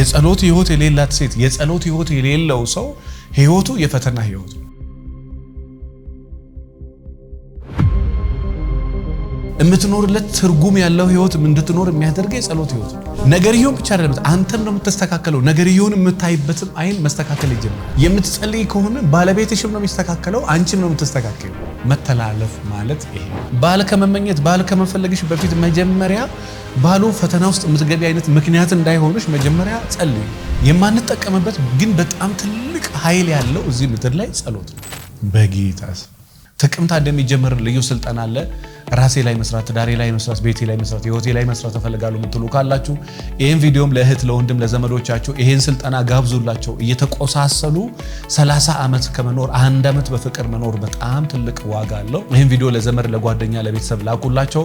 የጸሎት ህይወት የሌላት ሴት፣ የጸሎት ህይወት የሌለው ሰው ህይወቱ የፈተና ህይወት የምትኖርለት ትርጉም ያለው ህይወት እንድትኖር የሚያደርገ የጸሎት ህይወት ነው። ነገርየውን ብቻ አይደለም፣ አንተን ነው የምትስተካከለው። ነገርየውን የምታይበትም አይን መስተካከል ይጀምራል። የምትጸልይ ከሆነ ባለቤትሽም ነው የሚስተካከለው፣ አንቺም ነው የምትስተካከለው። መተላለፍ ማለት ይሄ ባል ከመመኘት ባል ከመፈለግሽ በፊት መጀመሪያ ባሉ ፈተና ውስጥ የምትገቢ አይነት ምክንያት እንዳይሆንሽ መጀመሪያ ጸልይ። የማንጠቀምበት ግን በጣም ትልቅ ኃይል ያለው እዚህ ምድር ላይ ጸሎት ነው በጌታስ ጥቅምታ እንደሚጀምር ልዩ ስልጠና አለ። ራሴ ላይ መስራት፣ ትዳሬ ላይ መስራት፣ ቤቴ ላይ መስራት፣ ህይወቴ ላይ መስራት እፈልጋለሁ የምትሉ ካላችሁ ይህን ቪዲዮም ለእህት ለወንድም ለዘመዶቻቸው ይህን ስልጠና ጋብዙላቸው። እየተቆሳሰሉ 30 ዓመት ከመኖር አንድ ዓመት በፍቅር መኖር በጣም ትልቅ ዋጋ አለው። ይህን ቪዲዮ ለዘመድ ለጓደኛ፣ ለቤተሰብ ላኩላቸው።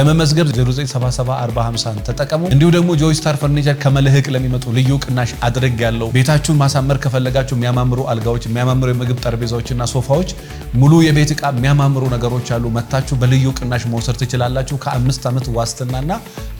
ለመመዝገብ 0977450 ተጠቀሙ። እንዲሁ ደግሞ ጆይስታር ፈርኒቸር ከመልህቅ ለሚመጡ ልዩ ቅናሽ አድርግ ያለው ቤታችሁን ማሳመር ከፈለጋችሁ የሚያማምሩ አልጋዎች፣ የሚያማምሩ የምግብ ጠረጴዛዎችና ሶፋዎች ሙሉ የቤት እቃ የሚያማምሩ ነገሮች አሉ። መታችሁ በልዩ ቅናሽ መውሰድ ትችላላችሁ። ከአምስት ዓመት ዋስትናና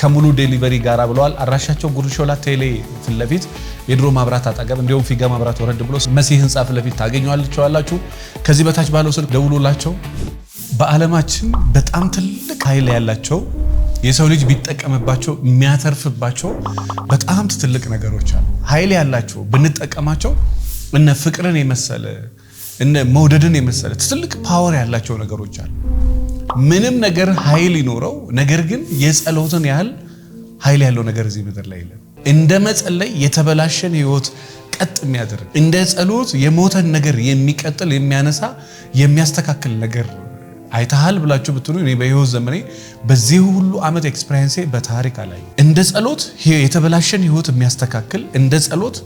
ከሙሉ ዴሊቨሪ ጋር ብለዋል። አድራሻቸው ጉርሾላ ቴሌ ፊት ለፊት የድሮ ማብራት አጠገብ እንዲሁም ፊጋ ማብራት ወረድ ብሎ መሲህ ህንፃ ፊት ለፊት ከዚህ በታች ባለው ስልክ ደውሉላቸው። በዓለማችን በጣም ትልቅ ኃይል ያላቸው የሰው ልጅ ቢጠቀምባቸው የሚያተርፍባቸው በጣም ትልቅ ነገሮች አሉ። ኃይል ያላቸው ብንጠቀማቸው እነ ፍቅርን የመሰለ እነ መውደድን የመሰለ ትልቅ ፓወር ያላቸው ነገሮች አሉ። ምንም ነገር ኃይል ይኖረው፣ ነገር ግን የጸሎትን ያህል ኃይል ያለው ነገር እዚህ ምድር ላይ የለም። እንደ መጸለይ የተበላሸን ህይወት ቀጥ የሚያደርግ እንደ ጸሎት የሞተን ነገር የሚቀጥል የሚያነሳ የሚያስተካክል ነገር አይተሃል ብላችሁ ብትሉ እኔ በህይወት ዘመኔ በዚህ ሁሉ ዓመት ኤክስፔሪንሴ በታሪክ አላይ እንደ ጸሎት የተበላሸን ህይወት የሚያስተካክል እንደ ጸሎት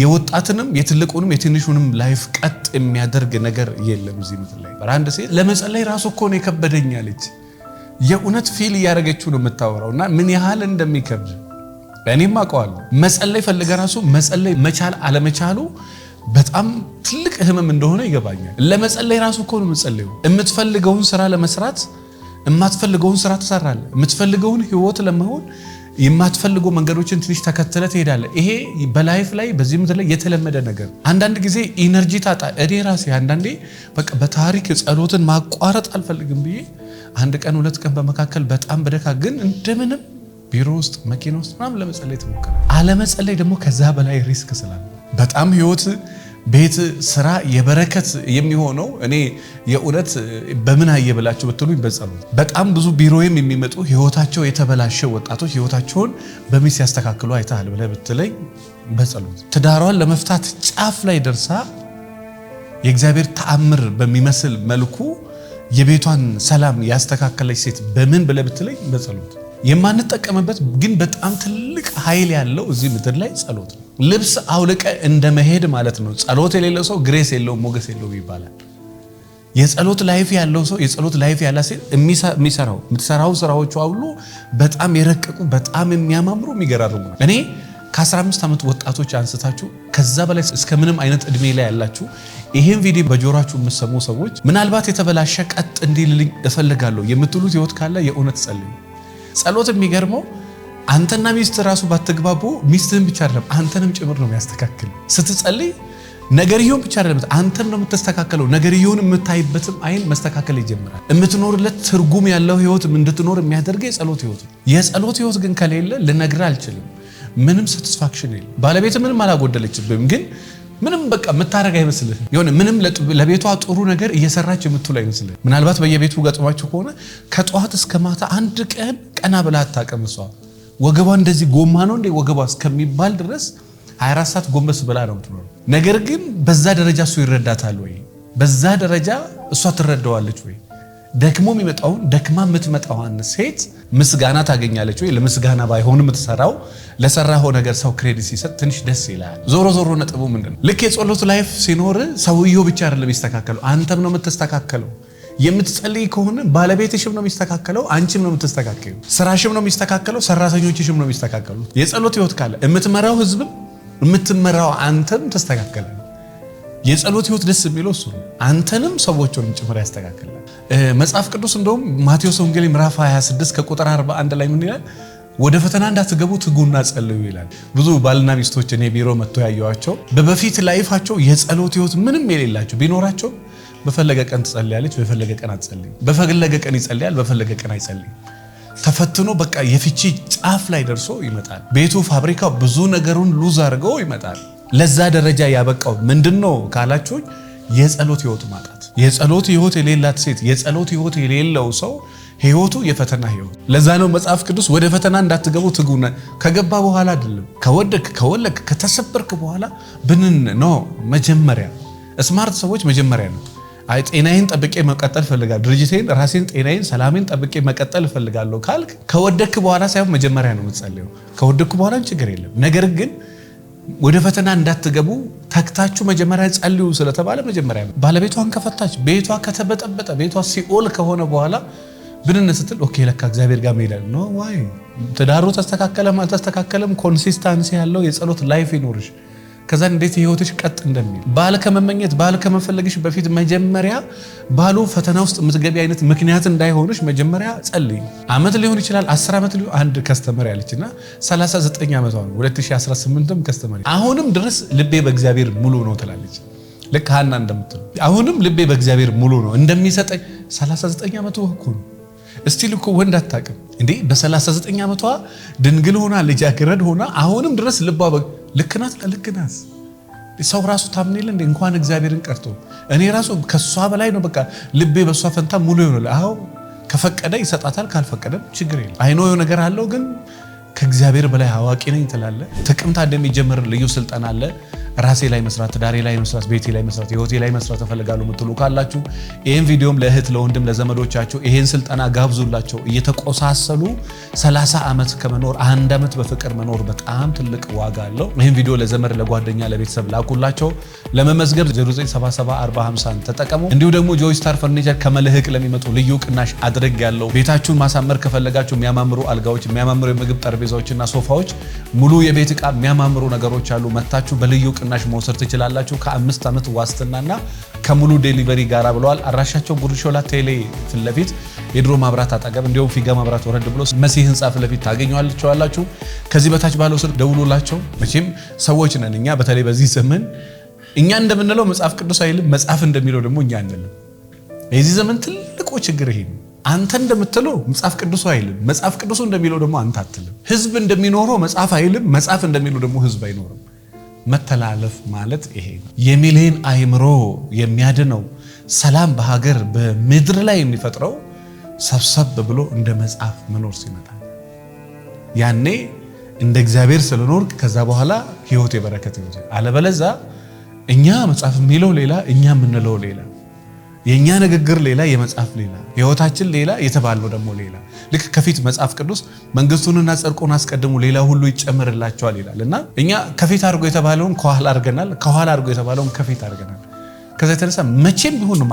የወጣትንም የትልቁንም የትንሹንም ላይፍ ቀጥ የሚያደርግ ነገር የለም እዚህ ምድር ላይ። አንድ ሴት ለመጸለይ ራሱ እኮ ነው የከበደኛለች። የእውነት ፊል እያደረገችው ነው የምታወራው እና ምን ያህል እንደሚከብድ እኔም አውቀዋለሁ። መጸለይ ፈልገ ራሱ መጸለይ መቻል አለመቻሉ በጣም ትልቅ ህመም እንደሆነ ይገባኛል። ለመጸለይ ራሱ እኮ ነው የምጸለዩ። የምትፈልገውን ስራ ለመስራት የማትፈልገውን ስራ ትሰራለ የምትፈልገውን ህይወት ለመሆን የማትፈልጉ መንገዶችን ትንሽ ተከትለ ትሄዳለ። ይሄ በላይፍ ላይ በዚህ ምድር ላይ የተለመደ ነገር። አንዳንድ ጊዜ ኢነርጂ ታጣ። እኔ ራሴ አንዳንዴ በቃ በታሪክ ጸሎትን ማቋረጥ አልፈልግም ብዬ አንድ ቀን ሁለት ቀን በመካከል በጣም በደካ ግን እንደምንም ቢሮ ውስጥ መኪና ውስጥ ምናምን ለመጸለይ ትሞክራል። አለመጸለይ ደግሞ ከዛ በላይ ሪስክ ስላለ በጣም ህይወት ቤት ስራ የበረከት የሚሆነው እኔ የእውነት በምን አየ ብላችሁ ብትሉኝ በጸሎት በጣም ብዙ ቢሮዬም የሚመጡ ህይወታቸው የተበላሸ ወጣቶች ህይወታቸውን በሚስ ያስተካክሉ አይተሃል ብለህ ብትለኝ በጸሎት ትዳሯን ለመፍታት ጫፍ ላይ ደርሳ የእግዚአብሔር ተአምር በሚመስል መልኩ የቤቷን ሰላም ያስተካከለች ሴት በምን ብለህ ብትለኝ በጸሎት የማንጠቀምበት ግን በጣም ትልቅ ኃይል ያለው እዚህ ምድር ላይ ጸሎት ነው። ልብስ አውልቀ እንደ መሄድ ማለት ነው። ጸሎት የሌለው ሰው ግሬስ የለውም ሞገስ የለውም ይባላል። የጸሎት ላይፍ ያለው ሰው የጸሎት ላይፍ ያለ ሴት የሚሰራው የምትሰራው ስራዎቹ ሁሉ በጣም የረቀቁ በጣም የሚያማምሩ የሚገራርሙ ነው። እኔ ከ15 ዓመት ወጣቶች አንስታችሁ ከዛ በላይ እስከ ምንም አይነት እድሜ ላይ ያላችሁ ይህን ቪዲዮ በጆሯችሁ የምሰሙ ሰዎች ምናልባት የተበላሸ ቀጥ እንዲልልኝ እፈልጋለሁ የምትሉት ህይወት ካለ የእውነት ጸልዩ። ጸሎት የሚገርመው አንተና ሚስት ራሱ ባትግባቡ ሚስትህን ብቻ አይደለም አንተንም ጭምር ነው የሚያስተካክል። ስትጸልይ ነገርየውን ብቻ አይደለም አንተን ነው የምትስተካከለው። ነገርየውን የምታይበትም አይን መስተካከል ይጀምራል። የምትኖርለት ትርጉም ያለው ህይወት እንድትኖር የሚያደርገ የጸሎት ህይወት ነው። የጸሎት ህይወት ግን ከሌለ ልነግር አልችልም። ምንም ሳቲስፋክሽን የለም። ባለቤት ምንም አላጎደለችብም ግን ምንም በቃ የምታደርግ አይመስልህ። የሆነ ምንም ለቤቷ ጥሩ ነገር እየሰራች የምትውል አይመስልህ። ምናልባት በየቤቱ ገጥማችሁ ከሆነ ከጠዋት እስከ ማታ አንድ ቀን ቀና ብላ አታቀምሷል። ወገቧ እንደዚህ ጎማ ነው እንዴ ወገቧ እስከሚባል ድረስ 24 ሰዓት ጎንበስ ብላ ነው የምትኖረው። ነገር ግን በዛ ደረጃ እሱ ይረዳታል ወይ? በዛ ደረጃ እሷ ትረዳዋለች ወይ? ደክሞ የሚመጣውን ደክማ የምትመጣዋን ሴት ምስጋና ታገኛለች ወይ? ለምስጋና ባይሆን የምትሰራው ለሰራኸው ነገር ሰው ክሬዲት ሲሰጥ ትንሽ ደስ ይላል። ዞሮ ዞሮ ነጥቡ ምንድን ነው? ልክ የጸሎት ላይፍ ሲኖር ሰውየው ብቻ አይደለም ይስተካከሉ፣ አንተም ነው የምትስተካከለው። የምትጸልይ ከሆነ ባለቤትሽም ነው የሚስተካከለው፣ አንቺም ነው የምትስተካከዩ፣ ስራሽም ነው የሚስተካከለው፣ ሰራተኞችሽም ነው የሚስተካከሉት። የጸሎት ህይወት ካለ የምትመራው ህዝብም የምትመራው አንተም ተስተካከለ። የጸሎት ህይወት ደስ የሚለው እሱ ነው። አንተንም ሰዎችን ጭምር ያስተካክላል። መጽሐፍ ቅዱስ እንደውም ማቴዎስ ወንጌል ምዕራፍ 26 ከቁጥር 41 ላይ ምን ይላል? ወደ ፈተና እንዳትገቡ ትጉና ጸልዩ ይላል። ብዙ ባልና ሚስቶች እኔ ቢሮ መጥቶ ያየዋቸው በበፊት ላይፋቸው የጸሎት ህይወት ምንም የሌላቸው ቢኖራቸው በፈለገ ቀን ትጸልያለች፣ በፈለገ ቀን አትጸልይም። በፈለገ ቀን ይጸልያል፣ በፈለገ ቀን አይጸልይም። ተፈትኖ በቃ የፍቺ ጫፍ ላይ ደርሶ ይመጣል። ቤቱ ፋብሪካው ብዙ ነገሩን ሉዝ አድርጎ ይመጣል። ለዛ ደረጃ ያበቃው ምንድን ነው ካላችሁኝ፣ የጸሎት ህይወት ማጣት። የጸሎት ህይወት የሌላት ሴት፣ የጸሎት ህይወት የሌለው ሰው ህይወቱ የፈተና ህይወት። ለዛ ነው መጽሐፍ ቅዱስ ወደ ፈተና እንዳትገቡ ትጉ። ከገባ በኋላ አይደለም ከወደክ ከወለክ ከተሰበርክ በኋላ ብንን ነው መጀመሪያ። ስማርት ሰዎች መጀመሪያ ነው ጤናዬን ጠብቄ መቀጠል እፈልጋለሁ፣ ድርጅቴን፣ ራሴን፣ ጤናዬን፣ ሰላሜን ጠብቄ መቀጠል እፈልጋለሁ ካልክ ከወደክ በኋላ ሳይሆን መጀመሪያ ነው የምትጸልየው። ከወደክ በኋላ ችግር የለም። ነገር ግን ወደ ፈተና እንዳትገቡ ተክታቹ መጀመሪያ ጸልዩ ስለተባለ መጀመሪያ ነው። ባለቤቷን ከፈታች፣ ቤቷ ከተበጠበጠ፣ ቤቷ ሲኦል ከሆነ በኋላ ብንነት ስትል ኦኬ ለካ እግዚአብሔር ጋር መሄዳል ነው ዋይ ትዳሩ ተስተካከለም አልተስተካከለም ኮንሲስታንሲ ያለው የጸሎት ላይፍ ይኖርሽ። ከዛ እንዴት ህይወትሽ ቀጥ እንደሚል ባል ከመመኘት ባል ከመፈለግሽ በፊት መጀመሪያ ባሉ ፈተና ውስጥ የምትገቢ አይነት ምክንያት እንዳይሆንሽ መጀመሪያ ጸልይ። አመት ሊሆን ይችላል፣ 10 ዓመት ሊሆን አንድ ከስተመር ያለች ያለችና 39 ዓመቷ ነው 2018 ከስተመር አሁንም ድረስ ልቤ በእግዚአብሔር ሙሉ ነው ትላለች። ልክ ሀና እንደምትለው አሁንም ልቤ በእግዚአብሔር ሙሉ ነው እንደሚሰጠኝ 39 ዓመቱ እኮ ነው። እስቲል እኮ ወንድ አታውቅም እንዴ! በ39 ዓመቷ ድንግል ሆና ልጃገረድ ሆና አሁንም ድረስ ልቧ ልክናት ልክናት ሰው ራሱ ታምኔል የለ እንኳን እግዚአብሔርን ቀርቶ እኔ ራሱ ከእሷ በላይ ነው። በቃ ልቤ በእሷ ፈንታ ሙሉ ይሆናል። አዎ ከፈቀደ ይሰጣታል፣ ካልፈቀደም ችግር የለም። አይኖ ነገር አለው ግን ከእግዚአብሔር በላይ አዋቂ ነኝ ትላለ። ጥቅምት እንደሚጀምር ልዩ ስልጠና አለ። ራሴ ላይ መስራት፣ ትዳሬ ላይ መስራት፣ ቤቴ ላይ መስራት፣ ህይወቴ ላይ መስራት እፈልጋለሁ የምትሉ ካላችሁ ይህን ቪዲዮም ለእህት ለወንድም ለዘመዶቻቸው ይህን ስልጠና ጋብዙላቸው። እየተቆሳሰሉ 30 ዓመት ከመኖር አንድ ዓመት በፍቅር መኖር በጣም ትልቅ ዋጋ አለው። ይህን ቪዲዮ ለዘመድ ለጓደኛ ለቤተሰብ ላኩላቸው። ለመመዝገብ 0977450 ተጠቀሙ። እንዲሁ ደግሞ ስታር ፈርኒቸር ከመልህቅ ለሚመጡ ልዩ ቅናሽ አድርግ ያለው ቤታችሁን ማሳመር ከፈለጋችሁ የሚያማምሩ አልጋዎች፣ የሚያማምሩ የምግብ ጠረጴዛዎችና ሶፋዎች፣ ሙሉ የቤት ዕቃ የሚያማምሩ ነገሮች አሉ። መታችሁ በልዩ ቅናሽ መውሰድ ትችላላችሁ ከአምስት ዓመት ዋስትናና ከሙሉ ዴሊቨሪ ጋር ብለዋል። አድራሻቸው ጉርሾላ ቴሌ ፊት ለፊት የድሮ ማብራት አጠገብ እንዲሁም ፊጋ ማብራት ወረድ ብሎ መሲህ ህንፃ ፊት ለፊት ታገኘዋቸዋላችሁ። ከዚህ በታች ባለው ስልክ ደውሎላቸው። መቼም ሰዎች ነን እኛ በተለይ በዚህ ዘመን እኛ እንደምንለው መጽሐፍ ቅዱስ አይልም፣ መጽሐፍ እንደሚለው ደግሞ እኛ አንልም። የዚህ ዘመን ትልቁ ችግር ይሄ አንተ እንደምትለው መጽሐፍ ቅዱሱ አይልም፣ መጽሐፍ ቅዱሱ እንደሚለው ደግሞ አንተ አትልም። ህዝብ እንደሚኖረው መጽሐፍ አይልም፣ መጽሐፍ እንደሚለው ደግሞ ህዝብ አይኖርም። መተላለፍ ማለት ይሄ ነው። የሚሊዮን አእምሮ የሚያድነው ሰላም በሀገር በምድር ላይ የሚፈጥረው ሰብሰብ ብሎ እንደ መጽሐፍ መኖር ሲመጣ ያኔ እንደ እግዚአብሔር ስለኖር ከዛ በኋላ ህይወት የበረከት ይ አለበለዛ እኛ መጽሐፍ የሚለው ሌላ እኛ የምንለው ሌላ የእኛ ንግግር ሌላ፣ የመጽሐፍ ሌላ፣ ህይወታችን ሌላ፣ የተባለው ደግሞ ሌላ። ልክ ከፊት መጽሐፍ ቅዱስ መንግስቱንና ጽድቁን አስቀድሙ ሌላ ሁሉ ይጨምርላቸዋል ይላል እና እኛ ከፊት አድርጎ የተባለውን ከኋላ አድርገናል፣ ከኋላ አድርጎ የተባለውን ከፊት አድርገናል። ከዚ የተነሳ መቼም ቢሆን ነው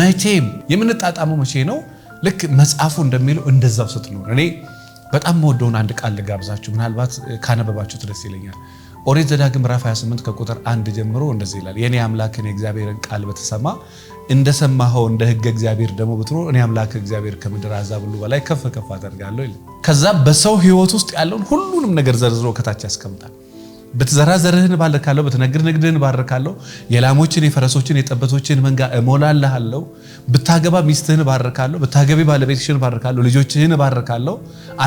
መቼም የምንጣጣመው መቼ ነው? ልክ መጽሐፉ እንደሚለው እንደዛው ስትኖር። እኔ በጣም መወደውን አንድ ቃል ልጋብዛችሁ፣ ምናልባት ካነበባችሁት ደስ ይለኛል። ኦሪት ዘዳግም ምዕራፍ 28 ከቁጥር አንድ ጀምሮ እንደዚህ ይላል፣ የእኔ አምላክን የእግዚአብሔርን ቃል በተሰማ እንደሰማኸው እንደ ህገ እግዚአብሔር ደግሞ ብትኖር እኔ አምላክ እግዚአብሔር ከምድር አሕዛብ ሁሉ በላይ ከፍ ከፍ አደርጋለሁ ይል። ከዛ በሰው ህይወት ውስጥ ያለውን ሁሉንም ነገር ዘርዝሮ ከታች ያስቀምጣል። ብትዘራ ዘርህን ባርካለሁ፣ ብትነግድ ንግድህን ባርካለሁ፣ የላሞችን የፈረሶችን የጠበቶችን መንጋ እሞላለሃለሁ፣ ብታገባ ሚስትህን ባርካለሁ፣ ብታገቢ ባለቤትሽን ባርካለሁ፣ ልጆችህን ባርካለሁ፣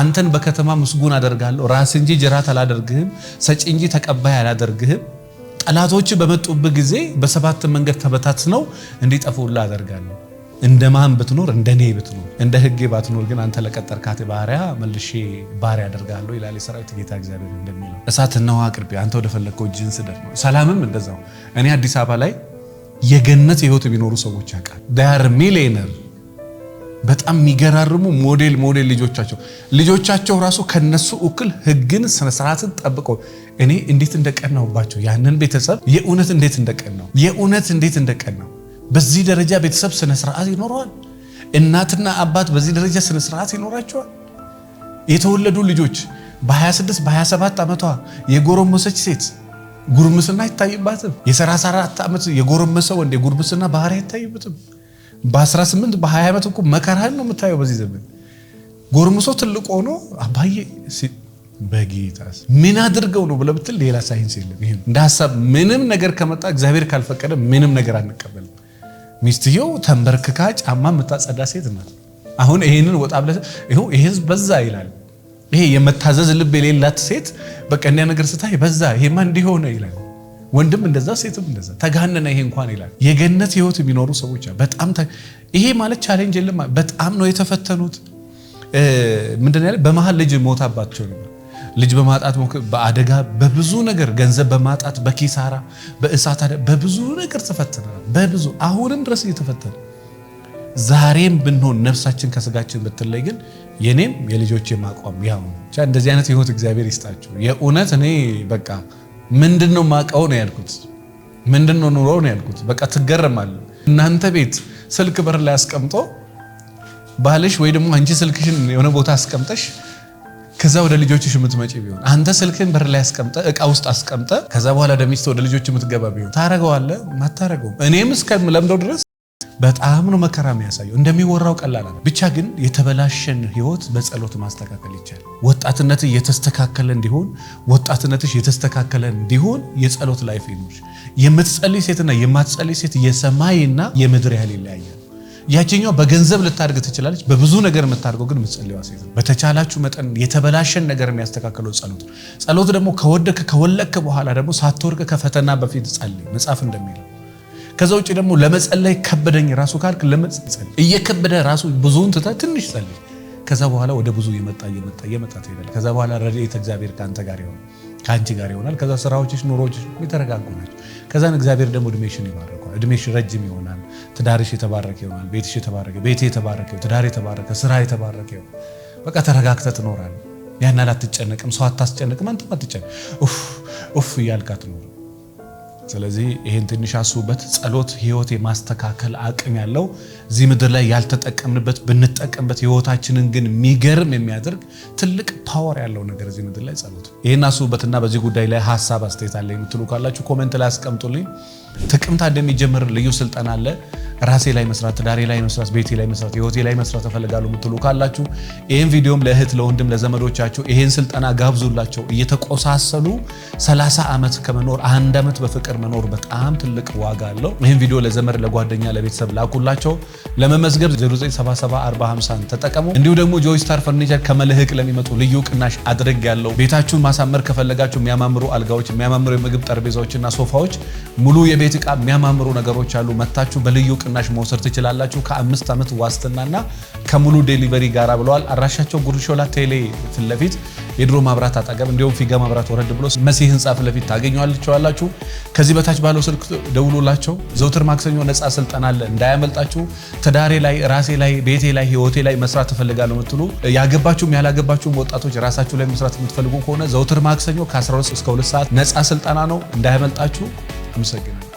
አንተን በከተማ ምስጉን አደርጋለሁ፣ ራስ እንጂ ጅራት አላደርግህም፣ ሰጪ እንጂ ተቀባይ አላደርግህም ጠላቶች በመጡብህ ጊዜ በሰባት መንገድ ተበታትነው እንዲጠፉላ አደርጋለሁ። እንደ ማን ብትኖር እንደ እኔ ብትኖር እንደ ሕጌ ባትኖር ግን አንተ ለቀጠርካት ባሪያ መልሼ ባሪያ አደርጋለሁ ይላል የሰራዊት ጌታ እግዚአብሔር እንደሚለው። እሳት ነዋ አቅርቤ አንተ ወደፈለግከው እጅህን ስደድ ነው። ሰላምም እንደዛው። እኔ አዲስ አበባ ላይ የገነት የህይወት የሚኖሩ ሰዎች ያውቃል ዳያር ሚሊየነር በጣም የሚገራርሙ ሞዴል ሞዴል ልጆቻቸው ልጆቻቸው ራሱ ከነሱ እኩል ህግን ስነስርዓትን ጠብቀው እኔ እንዴት እንደቀናውባቸው ያንን ቤተሰብ የእውነት እንዴት እንደቀናው የእውነት እንዴት እንደቀናው። በዚህ ደረጃ ቤተሰብ ስነስርዓት ይኖረዋል። እናትና አባት በዚህ ደረጃ ስነስርዓት ይኖራቸዋል። የተወለዱ ልጆች በ26 በ27 ዓመቷ የጎረመሰች ሴት ጉርምስና አይታይባትም። የ34 ዓመት የጎረመሰ ወንድ የጉርምስና ባህሪ አይታይበትም። በ18 በ20 ዓመት እኮ መከራህን ነው የምታየው። በዚህ ዘመን ጎርምሶ ትልቅ ሆኖ አባዬ በጌታስ ምን አድርገው ነው ብለህ ብትል ሌላ ሳይንስ የለም። ይሄ እንደ ሀሳብ ምንም ነገር ከመጣ እግዚአብሔር ካልፈቀደ ምንም ነገር አንቀበልም። ሚስትየው ተንበርክካ ጫማ የምታጸዳ ሴት ናት። አሁን ይሄንን ወጣ ብለህ ይኸው ይሄ በዛ ይላል። ይሄ የመታዘዝ ልብ የሌላት ሴት በቀንያ ነገር ስታይ በዛ ይሄማ እንዲሆነ ይላል። ወንድም እንደዛ ሴትም እንደዛ ተጋነነ። ይሄ እንኳን ይላል የገነት ህይወት የሚኖሩ ሰዎች በጣም ይሄ ማለት ቻሌንጅ የለም። በጣም ነው የተፈተኑት። ምንድን ያለ በመሀል ልጅ ሞታባቸው ነበር። ልጅ በማጣት በአደጋ በብዙ ነገር ገንዘብ በማጣት በኪሳራ በእሳት በብዙ ነገር ተፈተነ በብዙ አሁንም ድረስ እየተፈተነ ዛሬም ብንሆን ነፍሳችን ከስጋችን ብትለይ ግን የኔም የልጆች ማቋም ያው እንደዚህ አይነት ህይወት እግዚአብሔር ይስጣቸው። የእውነት እኔ በቃ ምንድን ነው ማቀው ነው ያልኩት። ምንድን ነው ኑሮ ነው ያልኩት። በቃ ትገረማለ። እናንተ ቤት ስልክ በር ላይ አስቀምጦ ባልሽ ወይ ደግሞ አንቺ ስልክሽን የሆነ ቦታ አስቀምጠሽ ከዛ ወደ ልጆችሽ የምትመጪ ቢሆን አንተ ስልክን በር ላይ አስቀምጠ እቃ ውስጥ አስቀምጠ ከዛ በኋላ ወደ ወደ ልጆች የምትገባ ቢሆን ታረገዋለ? ማታረገውም። እኔም እስከምለምደው ድረስ በጣም ነው መከራ የሚያሳየው። እንደሚወራው ቀላል አለ። ብቻ ግን የተበላሸን ህይወት በጸሎት ማስተካከል ይቻላል። ወጣትነት የተስተካከለ እንዲሆን ወጣትነትሽ የተስተካከለ እንዲሆን የጸሎት ላይፍ ይኖች የምትጸልይ ሴትና የማትጸልይ ሴት የሰማይና የምድር ያህል ይለያያል። ያችኛው በገንዘብ ልታድግ ትችላለች። በብዙ ነገር የምታደርገው ግን ምጸልዋ ሴት ነው። በተቻላችሁ መጠን የተበላሸን ነገር የሚያስተካክለው ጸሎት። ጸሎት ደግሞ ከወደክ ከወለክ በኋላ ደግሞ ሳትወርቅ ከፈተና በፊት ጸልይ መጽሐፍ እንደሚለው ከዛ ውጭ ደግሞ ለመጸለይ ከበደኝ ራሱ ካልክ ለመጸለይ እየከበደ ራሱ ብዙውን ትተህ ትንሽ ጸልይ። ከዛ በኋላ ወደ ብዙ የመጣ እየመጣ እየመጣ ትሄዳል። ከዛ በኋላ ረድኤተ እግዚአብሔር ከአንተ ጋር ይሆን ከአንቺ ጋር ይሆናል። ከዛ ስራዎችሽ፣ ኑሮችሽ የተረጋጉ ናቸው። ከዛን እግዚአብሔር ደግሞ እድሜሽን ይባርካል። እድሜሽ ረጅም ይሆናል። ትዳርሽ የተባረከ ይሆናል። ቤትሽ የተባረከ ቤቴ የተባረከ ትዳር የተባረከ ስራ የተባረከ ይሆናል። በቃ ተረጋግተህ ትኖራለህ። ያን አላትጨነቅም። ሰው አታስጨንቅም። አንተም አትጨነቅ። ኡፍ ኡፍ እያልክ አትኖርም። ስለዚህ ይህን ትንሽ አስቡበት። ጸሎት ህይወት የማስተካከል አቅም ያለው እዚህ ምድር ላይ ያልተጠቀምንበት ብንጠቀምበት ህይወታችንን ግን የሚገርም የሚያደርግ ትልቅ ፓወር ያለው ነገር እዚህ ምድር ላይ ጸሎት። ይህን አስቡበትና በዚህ ጉዳይ ላይ ሀሳብ አስተያየት አለ የምትሉ ካላችሁ ኮመንት ላይ አስቀምጡልኝ። ጥቅምት እንደሚጀምር ልዩ ስልጠና አለ። ራሴ ላይ መስራት፣ ትዳሬ ላይ መስራት፣ ቤቴ ላይ መስራት፣ ህይወቴ ላይ መስራት እፈልጋለሁ የምትሉ ካላችሁ ይህን ቪዲዮም ለእህት ለወንድም ለዘመዶቻችሁ ይህን ስልጠና ጋብዙላቸው። እየተቆሳሰሉ 30 ዓመት ከመኖር አንድ ዓመት በፍቅር መኖር በጣም ትልቅ ዋጋ አለው። ይህን ቪዲዮ ለዘመድ ለጓደኛ፣ ለቤተሰብ ላኩላቸው። ለመመዝገብ 0977450 ተጠቀሙ። እንዲሁ ደግሞ ጆይስታር ፈርኒቸር ከመልህቅ ለሚመጡ ልዩ ቅናሽ አድርግ ያለው ቤታችሁን ማሳመር ከፈለጋችሁ የሚያማምሩ አልጋዎች፣ የሚያማምሩ የምግብ ጠረጴዛዎችና ሶፋዎች ሙሉ የቤት ዕቃ የሚያማምሩ ነገሮች አሉ። መታችሁ በልዩ ቅናሽ መውሰድ ትችላላችሁ። ከአምስት ዓመት ዋስትናና ከሙሉ ዴሊቨሪ ጋር ብለዋል። አድራሻቸው ጉርሾላ ቴሌ ፊት ለፊት የድሮ ማብራት አጠገብ እንዲሁም ፊጋ ማብራት ወረድ ብሎ መሲህ ህንፃ ፊት ለፊት ከዚህ በታች ባለው ስልክ ደውሎላቸው ዘውትር ማክሰኞ ነፃ ስልጠና አለ እንዳያመልጣችሁ። ትዳሬ ላይ ራሴ ላይ ቤቴ ላይ ህይወቴ ላይ መስራት ትፈልጋለሁ የምትሉ ያገባችሁም ያላገባችሁም ወጣቶች ራሳችሁ ላይ መስራት የምትፈልጉ ከሆነ ዘውትር ማክሰኞ ከ12 እስከ 2 ሰዓት ነፃ ስልጠና ነው እንዳያመልጣችሁ። አመሰግናለሁ።